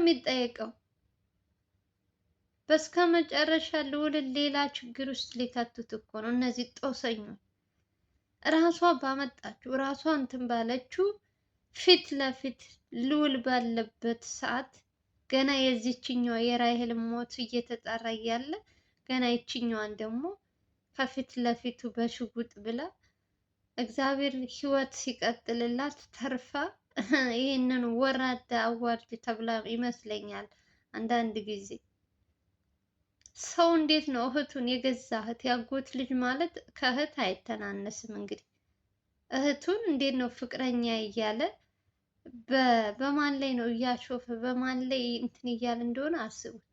የሚጠየቀው በስከ መጨረሻ ልውል ሌላ ችግር ውስጥ ሊከቱት እኮ ነው። እነዚህ ጦሰኞች ራሷ ባመጣችው ራሷ እንትን ባለችው ፊት ለፊት ልውል ባለበት ሰዓት ገና የዚችኛዋ የራሄል ሞት እየተጣራ እያለ ገና ይችኛዋን ደግሞ ከፊት ለፊቱ በሽጉጥ ብላ እግዚአብሔር ሕይወት ሲቀጥልላት ተርፋ ይህንን ወራደ አዋርድ ተብላ ይመስለኛል። አንዳንድ ጊዜ ሰው እንዴት ነው እህቱን የገዛ እህት ያጎት ልጅ ማለት ከእህት አይተናነስም። እንግዲህ እህቱን እንዴት ነው ፍቅረኛ እያለ በማን ላይ ነው እያሾፈ በማን ላይ እንትን እያለ እንደሆነ አስቡት።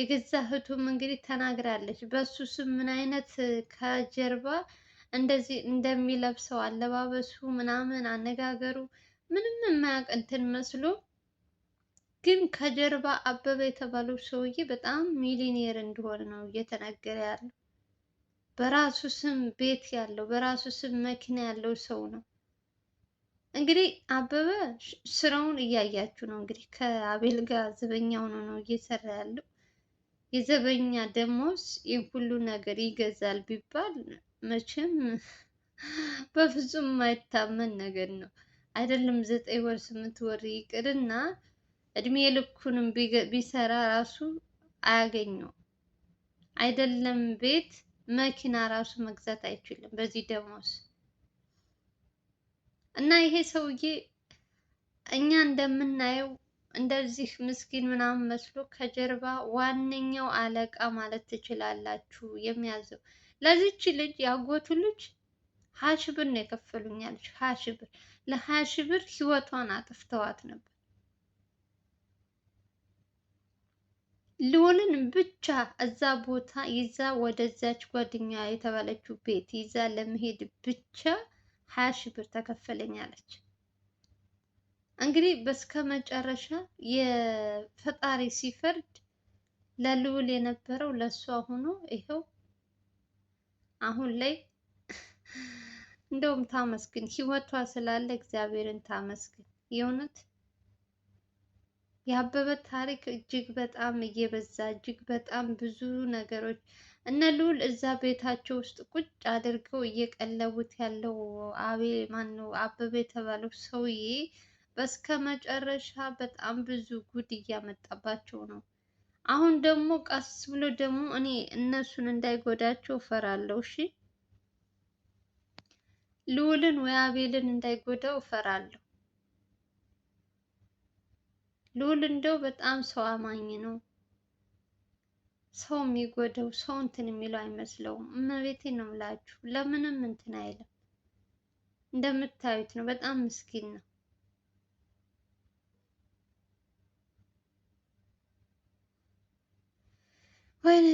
የገዛ እህቱም እንግዲህ ተናግራለች። በሱ ስም ምን አይነት ከጀርባ እንደዚህ እንደሚለብሰው አለባበሱ ምናምን አነጋገሩ ምንም የማያውቅ እንትን መስሎ ግን ከጀርባ አበበ የተባለው ሰውዬ በጣም ሚሊኔር እንደሆነ ነው እየተነገረ ያለው። በራሱ ስም ቤት ያለው በራሱ ስም መኪና ያለው ሰው ነው። እንግዲህ አበበ ስራውን እያያችሁ ነው። እንግዲህ ከአቤል ጋር ዘበኛ ሆኖ ነው እየሰራ ያለው። የዘበኛ ደሞዝ ይህ ሁሉ ነገር ይገዛል ቢባል መቼም በፍጹም የማይታመን ነገር ነው። አይደለም ዘጠኝ ወር ስምንት ወር ይቅርና እድሜ ልኩንም ቢሰራ ራሱ አያገኘው። አይደለም ቤት መኪና ራሱ መግዛት አይችልም በዚህ ደሞዝ እና ይሄ ሰውዬ እኛ እንደምናየው እንደዚህ ምስኪን ምናምን መስሎ ከጀርባ ዋነኛው አለቃ ማለት ትችላላችሁ የሚያዘው ለዚች ልጅ ያጎቱ ልጅ ሀያ ሺህ ብር ነው የከፈሉኝ አለች። ሀያ ሺህ ብር ለሀያ ሺህ ብር ህይወቷን አጥፍተዋት ነበር። ልዑልን ብቻ እዛ ቦታ ይዛ ወደዛች ጓደኛ የተባለችው ቤት ይዛ ለመሄድ ብቻ ሀያ ሺህ ብር ተከፈለኝ አለች። እንግዲህ በስከ መጨረሻ የፈጣሪ ሲፈርድ ለልዑል የነበረው ለእሷ ሆኖ ይኸው አሁን ላይ እንደውም ታመስግን፣ ህይወቷ ስላለ እግዚአብሔርን ታመስግን። የእውነት የአበበ ታሪክ እጅግ በጣም እየበዛ እጅግ በጣም ብዙ ነገሮች እነ ልዑል እዛ ቤታቸው ውስጥ ቁጭ አድርገው እየቀለቡት ያለው አቤ ማነው አበበ የተባለው ሰውዬ በስከ መጨረሻ በጣም ብዙ ጉድ እያመጣባቸው ነው። አሁን ደግሞ ቀስ ብሎ ደግሞ እኔ እነሱን እንዳይጎዳቸው እፈራለሁ። እሺ ልዑልን ወይ አቤልን እንዳይጎዳው እፈራለሁ። ልዑል እንደው በጣም ሰው አማኝ ነው። ሰው የሚጎዳው ሰው እንትን የሚለው አይመስለውም። እመቤቴ ነው የምላችሁ፣ ለምንም እንትን አይልም። እንደምታዩት ነው፣ በጣም ምስኪን ነው። ወይኔ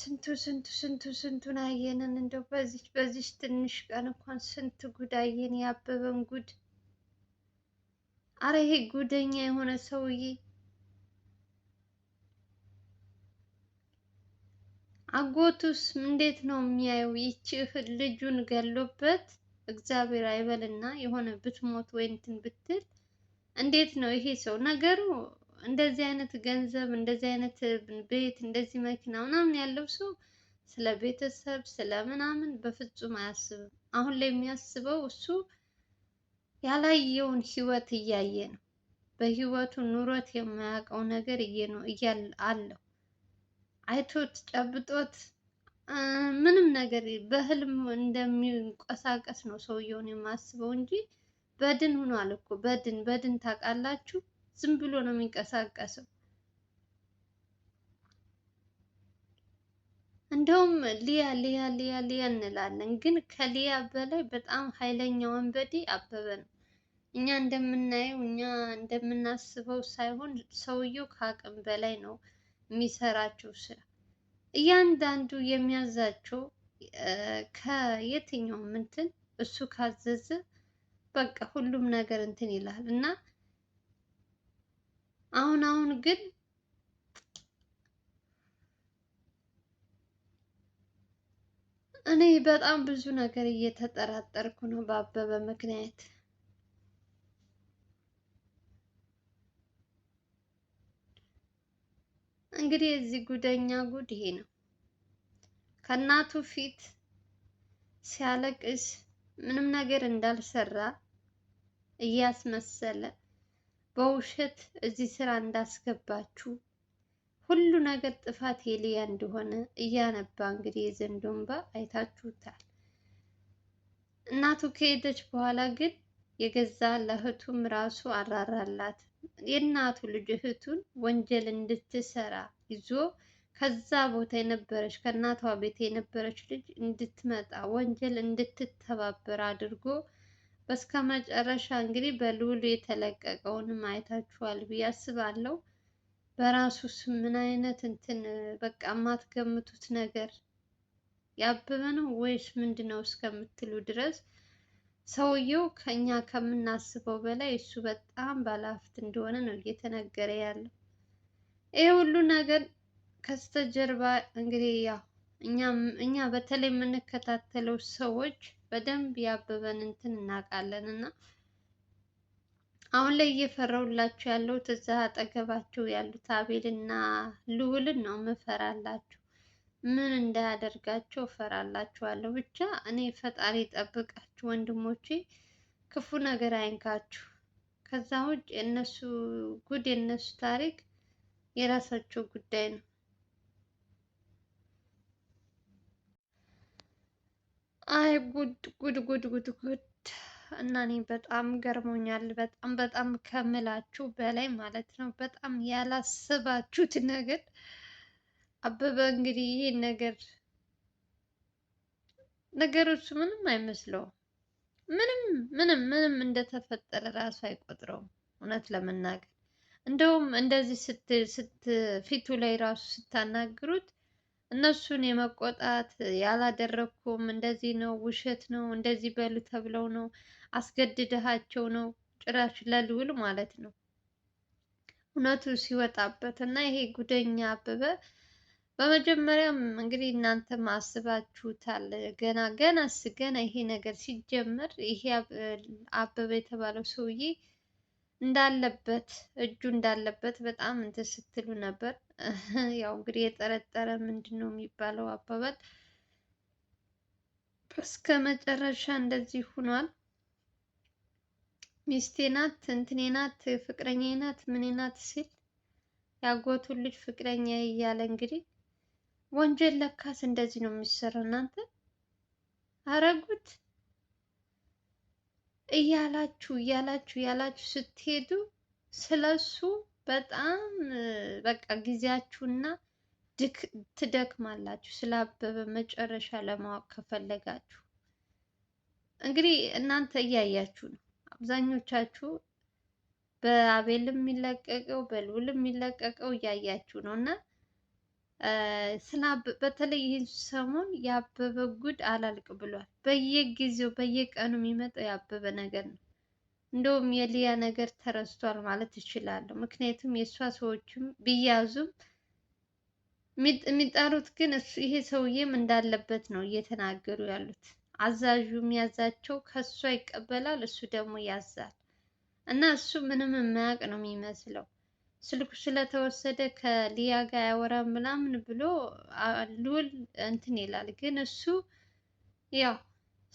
ስንቱ ስንቱ ስንቱ ስንቱን አየንን። እንደው በዚች በዚች ትንሽ ቀን እንኳን ስንት ጉድ አየን። ያበበን ጉድ አረ ይሄ ጉደኛ የሆነ ሰውዬ አጎቱስ እንዴት ነው የሚያየው? ይቺ ልጁን ገሎበት እግዚአብሔር አይበልና የሆነ ብትሞት ወይ እንትን ብትል እንዴት ነው ይሄ ሰው ነገሩ? እንደዚህ አይነት ገንዘብ፣ እንደዚህ አይነት ቤት፣ እንደዚህ መኪና ምናምን ያለው ሰው ስለ ቤተሰብ ስለ ምናምን በፍጹም አያስብም። አሁን ላይ የሚያስበው እሱ ያላየውን ህይወት እያየ ነው። በህይወቱ ኑሮት የማያውቀው ነገር አለው። አይቶት ጨብጦት ምንም ነገር በህልም እንደሚንቀሳቀስ ነው ሰውየውን የማስበው እንጂ በድን ሆኗል እኮ በድን በድን ታውቃላችሁ። ዝም ብሎ ነው የሚንቀሳቀሰው። እንደውም ሊያ ሊያ ሊያ ሊያ እንላለን፣ ግን ከሊያ በላይ በጣም ኃይለኛ ወንበዴ አበበ ነው። እኛ እንደምናየው እኛ እንደምናስበው ሳይሆን ሰውየው ከአቅም በላይ ነው የሚሰራቸው ስራ። እያንዳንዱ የሚያዛቸው ከየትኛውም እንትን እሱ ካዘዘ በቃ ሁሉም ነገር እንትን ይላል እና አሁን አሁን ግን እኔ በጣም ብዙ ነገር እየተጠራጠርኩ ነው በአበበ ምክንያት። እንግዲህ የዚህ ጉደኛ ጉድ ይሄ ነው። ከእናቱ ፊት ሲያለቅስ ምንም ነገር እንዳልሰራ እያስመሰለ በውሸት እዚህ ስራ እንዳስገባችሁ ሁሉ ነገር ጥፋት የሊያ እንደሆነ እያነባ እንግዲህ የዘንዶ እንባ አይታችሁታል። እናቱ ከሄደች በኋላ ግን የገዛ ለእህቱም ራሱ አራራላት። የእናቱ ልጅ እህቱን ወንጀል እንድትሰራ ይዞ ከዛ ቦታ የነበረች ከእናቷ ቤት የነበረች ልጅ እንድትመጣ ወንጀል እንድትተባበር አድርጎ በስከ መጨረሻ እንግዲህ በልዑል የተለቀቀውን አይታችኋል ብዬ አስባለሁ። በራሱስ ምን አይነት እንትን በቃ የማትገምቱት ነገር ያበበ ነው ወይስ ምንድን ነው እስከምትሉ ድረስ ሰውየው ከኛ ከምናስበው በላይ እሱ በጣም ባለሀብት እንደሆነ ነው እየተነገረ ያለው። ይሄ ሁሉ ነገር ከስተጀርባ እንግዲህ ያው እኛ በተለይ የምንከታተለው ሰዎች በደንብ ያበበን እንትን እናውቃለን እና አሁን ላይ እየፈራሁላችሁ ያለሁት እዛ አጠገባቸው ያሉት አቤልና ልዑልን ነው የምፈራላችሁ። ምን እንዳያደርጋቸው እፈራላችኋለሁ። ብቻ እኔ ፈጣሪ ጠብቃችሁ ወንድሞቼ፣ ክፉ ነገር አይንካችሁ። ከዛ ውጭ የእነሱ ጉድ የእነሱ ታሪክ የራሳቸው ጉዳይ ነው። አይ ጉድ ጉድ ጉድ ጉድ ጉድ! እና እኔ በጣም ገርሞኛል። በጣም በጣም ከምላችሁ በላይ ማለት ነው። በጣም ያላሰባችሁት ነገር አበበ እንግዲህ ይሄ ነገር ነገሮች ምንም አይመስለውም። ምንም ምንም ምንም እንደተፈጠረ ራሱ አይቆጥረውም። እውነት ለመናገር እንደውም እንደዚህ ፊቱ ላይ ራሱ ስታናግሩት እነሱን የመቆጣት ያላደረግኩም እንደዚህ ነው፣ ውሸት ነው፣ እንደዚህ በሉ ተብለው ነው፣ አስገድደሃቸው ነው፣ ጭራሽ ለልውል ማለት ነው እውነቱ ሲወጣበት እና ይሄ ጉደኛ አበበ በመጀመሪያም እንግዲህ እናንተም አስባችሁታል። ገና ገና ገና ይሄ ነገር ሲጀመር ይሄ አበበ የተባለው ሰውዬ እንዳለበት እጁ እንዳለበት በጣም እንትን ስትሉ ነበር። ያው እንግዲህ የጠረጠረ ምንድን ነው የሚባለው አባባል እስከ መጨረሻ እንደዚህ ሆኗል። ሚስቴ ናት፣ እንትኔ ናት፣ ፍቅረኛ ናት፣ ምኔ ናት ሲል ያጎቱ ልጅ ፍቅረኛ እያለ እንግዲህ ወንጀል ለካስ እንደዚህ ነው የሚሰራው እናንተ አረጉት። እያላችሁ እያላችሁ እያላችሁ ስትሄዱ ስለሱ በጣም በቃ ጊዜያችሁና ትደክማላችሁ። ስላበበ መጨረሻ ለማወቅ ከፈለጋችሁ እንግዲህ እናንተ እያያችሁ ነው። አብዛኞቻችሁ በአቤል የሚለቀቀው በልዑል የሚለቀቀው እያያችሁ ነው እና ስናብ በተለይ ይህን ሰሞን ያበበ ጉድ አላልቅ ብሏል። በየጊዜው በየቀኑ የሚመጣው ያበበ ነገር ነው። እንደውም የሊያ ነገር ተረስቷል ማለት እችላለሁ። ምክንያቱም የእሷ ሰዎችም ቢያዙም የሚጠሩት ግን ይሄ ሰውዬም እንዳለበት ነው እየተናገሩ ያሉት። አዛዡ የሚያዛቸው ከእሷ ይቀበላል፣ እሱ ደግሞ ያዛል እና እሱ ምንም የማያውቅ ነው የሚመስለው ስልኩ ስለተወሰደ ከሊያ ጋር አያወራም ምናምን ብሎ ልዑል እንትን ይላል። ግን እሱ ያው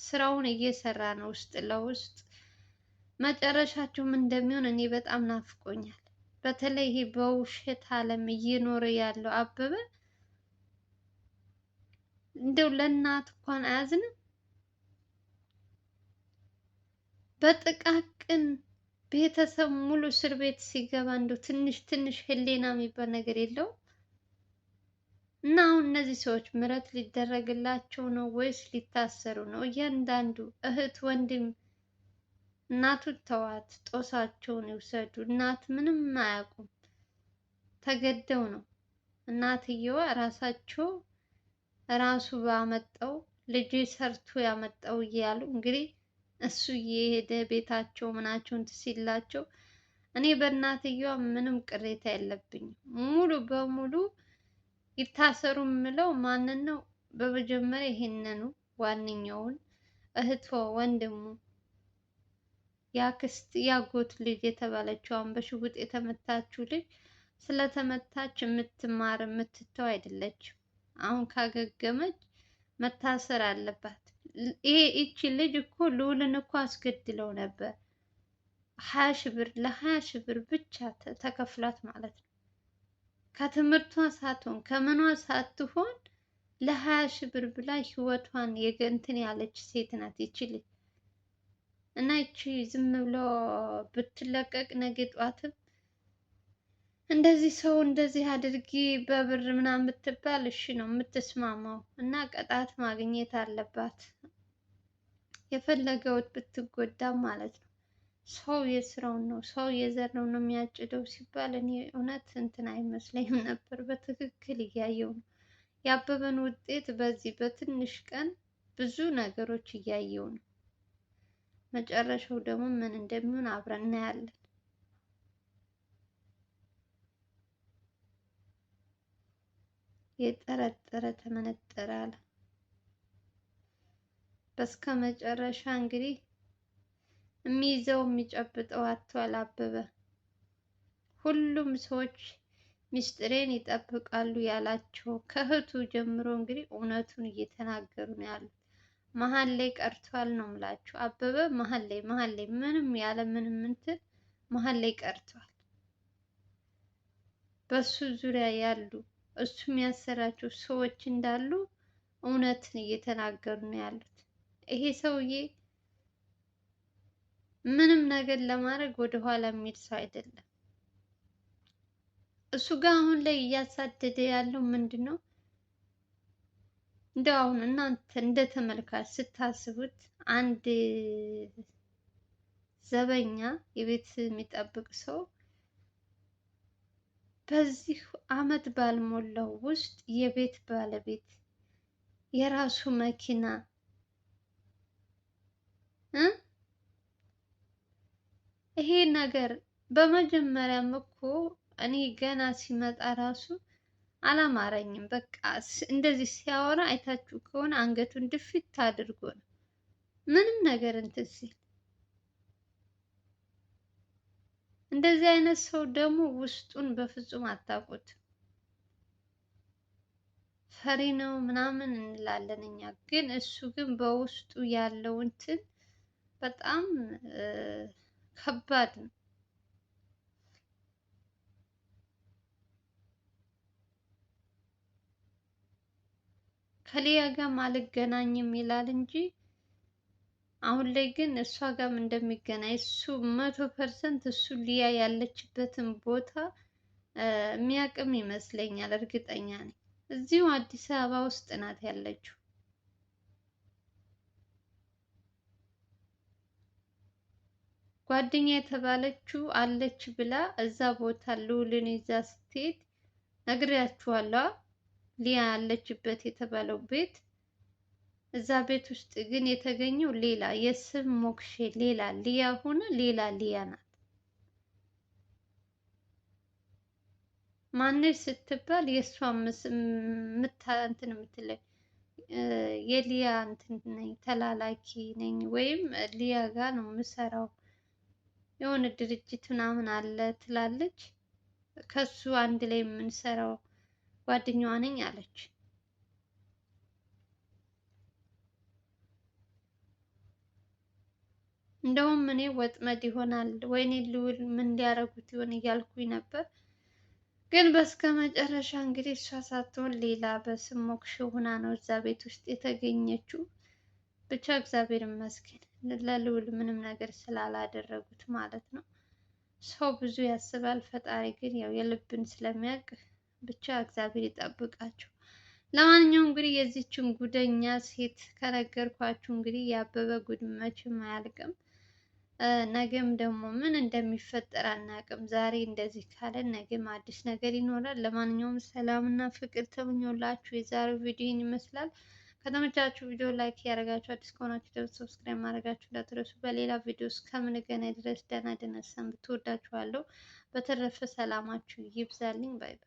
ስራውን እየሰራ ነው ውስጥ ለውስጥ። መጨረሻቸውም እንደሚሆን እኔ በጣም ናፍቆኛል። በተለይ ይሄ በውሸት ዓለም እየኖረ ያለው አበበ እንደው ለእናት እንኳን አያዝንም በጥቃቅን ቤተሰብ ሙሉ እስር ቤት ሲገባ እንደው ትንሽ ትንሽ ህሊና የሚባል ነገር የለውም። እና አሁን እነዚህ ሰዎች ምሕረት ሊደረግላቸው ነው ወይስ ሊታሰሩ ነው? እያንዳንዱ እህት ወንድም እናቱ ተዋት፣ ጦሳቸውን ይውሰዱ። እናት ምንም አያውቁም፣ ተገደው ነው። እናትየዋ ራሳቸው ራሱ ባመጣው ልጅ ሰርቶ ያመጣው እያሉ እንግዲህ እሱ እየሄደ ቤታቸው ምናቸውን ትሲላቸው እኔ በእናትየዋ ምንም ቅሬታ የለብኝም። ሙሉ በሙሉ ይታሰሩ የምለው ማንን ነው? በመጀመሪያ ይሄንኑ ዋነኛውን እህቶ ወንድሙ ያክስት ያጎት ልጅ የተባለችዋን በሽጉጥ የተመታችው ልጅ ስለተመታች የምትማር የምትተው አይደለችም። አሁን ካገገመች መታሰር አለባት። ይሄ ይቺ ልጅ እኮ ልዑልን እኮ አስገድለው ነበር። ሀያ ሺህ ብር ለሀያ ሺህ ብር ብቻ ተከፍሏት ማለት ነው። ከትምህርቷ ሳትሆን ከምኗ ሳትሆን ለሀያ ሺህ ብር ብላ ህይወቷን የገንትን ያለች ሴት ናት ይቺ ልጅ እና ይቺ ዝም ብሎ ብትለቀቅ ነገ ጧትም እንደዚህ ሰው እንደዚህ አድርጊ በብር ምናምን ብትባል እሺ ነው የምትስማማው። እና ቅጣት ማግኘት አለባት የፈለገውት ብትጎዳ ማለት ነው። ሰው የስራውን ነው ሰው የዘራውን ነው የሚያጭደው ሲባል እኔ እውነት እንትን አይመስለኝም ነበር። በትክክል እያየው ነው ያበበን ውጤት በዚህ በትንሽ ቀን ብዙ ነገሮች እያየው ነው። መጨረሻው ደግሞ ምን እንደሚሆን አብረን እናያለን። የጠረጠረ ተመነጠረ አለ። በስከ መጨረሻ እንግዲህ የሚይዘው የሚጨብጠው አቷል አበበ። ሁሉም ሰዎች ሚስጥሬን ይጠብቃሉ ያላቸው ከእህቱ ጀምሮ እንግዲህ እውነቱን እየተናገሩ ነው ያሉት። መሀል ላይ ቀርቷል ነው የምላችሁ። አበበ መሀል ላይ መሀል ላይ ምንም ያለ ምንም እንትን መሀል ላይ ቀርቷል። በሱ ዙሪያ ያሉ እሱ የሚያሰራቸው ሰዎች እንዳሉ እውነትን እየተናገሩ ነው ያሉት። ይሄ ሰውዬ ምንም ነገር ለማድረግ ወደኋላ የሚል ሰው አይደለም። እሱ ጋር አሁን ላይ እያሳደደ ያለው ምንድን ነው? እንደው አሁን እናንተ እንደ ተመልካች ስታስቡት አንድ ዘበኛ የቤት የሚጠብቅ ሰው በዚህ ዓመት ባልሞላው ውስጥ የቤት ባለቤት የራሱ መኪና እ ይሄ ነገር በመጀመሪያም እኮ እኔ ገና ሲመጣ ራሱ አላማረኝም። በቃ እንደዚህ ሲያወራ አይታችሁ ከሆነ አንገቱን ድፊት አድርጎ ነው ምንም ነገር እንትን ሲል እንደዚህ አይነት ሰው ደግሞ ውስጡን በፍጹም አታውቁት። ፈሪ ነው ምናምን እንላለን እኛ፣ ግን እሱ ግን በውስጡ ያለው እንትን በጣም ከባድ ነው። ከሊያ ጋር አልገናኝም ይላል እንጂ አሁን ላይ ግን እሷ ጋርም እንደሚገናኝ እሱ መቶ ፐርሰንት እሱ ሊያ ያለችበትን ቦታ የሚያቅም ይመስለኛል። እርግጠኛ ነኝ። እዚሁ አዲስ አበባ ውስጥ ናት ያለችው። ጓደኛ የተባለችው አለች ብላ እዛ ቦታ ልውልን ይዛ ስትሄድ ነግሬያችኋለሁ። ሊያ ያለችበት የተባለው ቤት እዛ ቤት ውስጥ ግን የተገኘው ሌላ የስም ሞክሼ ሌላ ሊያ ሆነ ሌላ ሊያ ናት። ማነች ስትባል የእሷ እንትን የምትለኝ የሊያ እንትን ነኝ ተላላኪ ነኝ ወይም ሊያ ጋር ነው የምሰራው የሆነ ድርጅት ምናምን አለ ትላለች። ከሱ አንድ ላይ የምንሰራው ጓደኛዋ ነኝ አለች። እንደውም እኔ ወጥመድ ይሆናል ወይኔ ልውል ምን ሊያደርጉት ይሆን እያልኩኝ ነበር። ግን በስከ መጨረሻ እንግዲህ እሷ ሳትሆን ሌላ በስም ሞክሽ ሆና ነው እዛ ቤት ውስጥ የተገኘችው። ብቻ እግዚአብሔር ይመስገን ለልውል ምንም ነገር ስላላደረጉት ማለት ነው። ሰው ብዙ ያስባል፣ ፈጣሪ ግን ያው የልብን ስለሚያውቅ ብቻ እግዚአብሔር ይጠብቃቸው። ለማንኛውም እንግዲህ የዚችን ጉደኛ ሴት ከነገርኳችሁ እንግዲህ ያበበ ጉድ መቼም አያልቅም። ነገም ደግሞ ምን እንደሚፈጠር አናውቅም። ዛሬ እንደዚህ ካለ ነገም አዲስ ነገር ይኖራል። ለማንኛውም ሰላም እና ፍቅር ተመኘውላችሁ። የዛሬው ቪዲዮ ይመስላል። ከተመቻችሁ ቪዲዮ ላይክ ያደረጋችሁ፣ አዲስ ከሆናችሁ ደግሞ ሰብስክራይብ ማድረጋችሁ እንዳትረሱ። በሌላ ቪዲዮ እስከምንገናኝ ድረስ ደህና ደህና ሰንብቱ። እወዳችኋለሁ። በተረፈ ሰላማችሁ ይብዛልኝ። ባይ ባይ።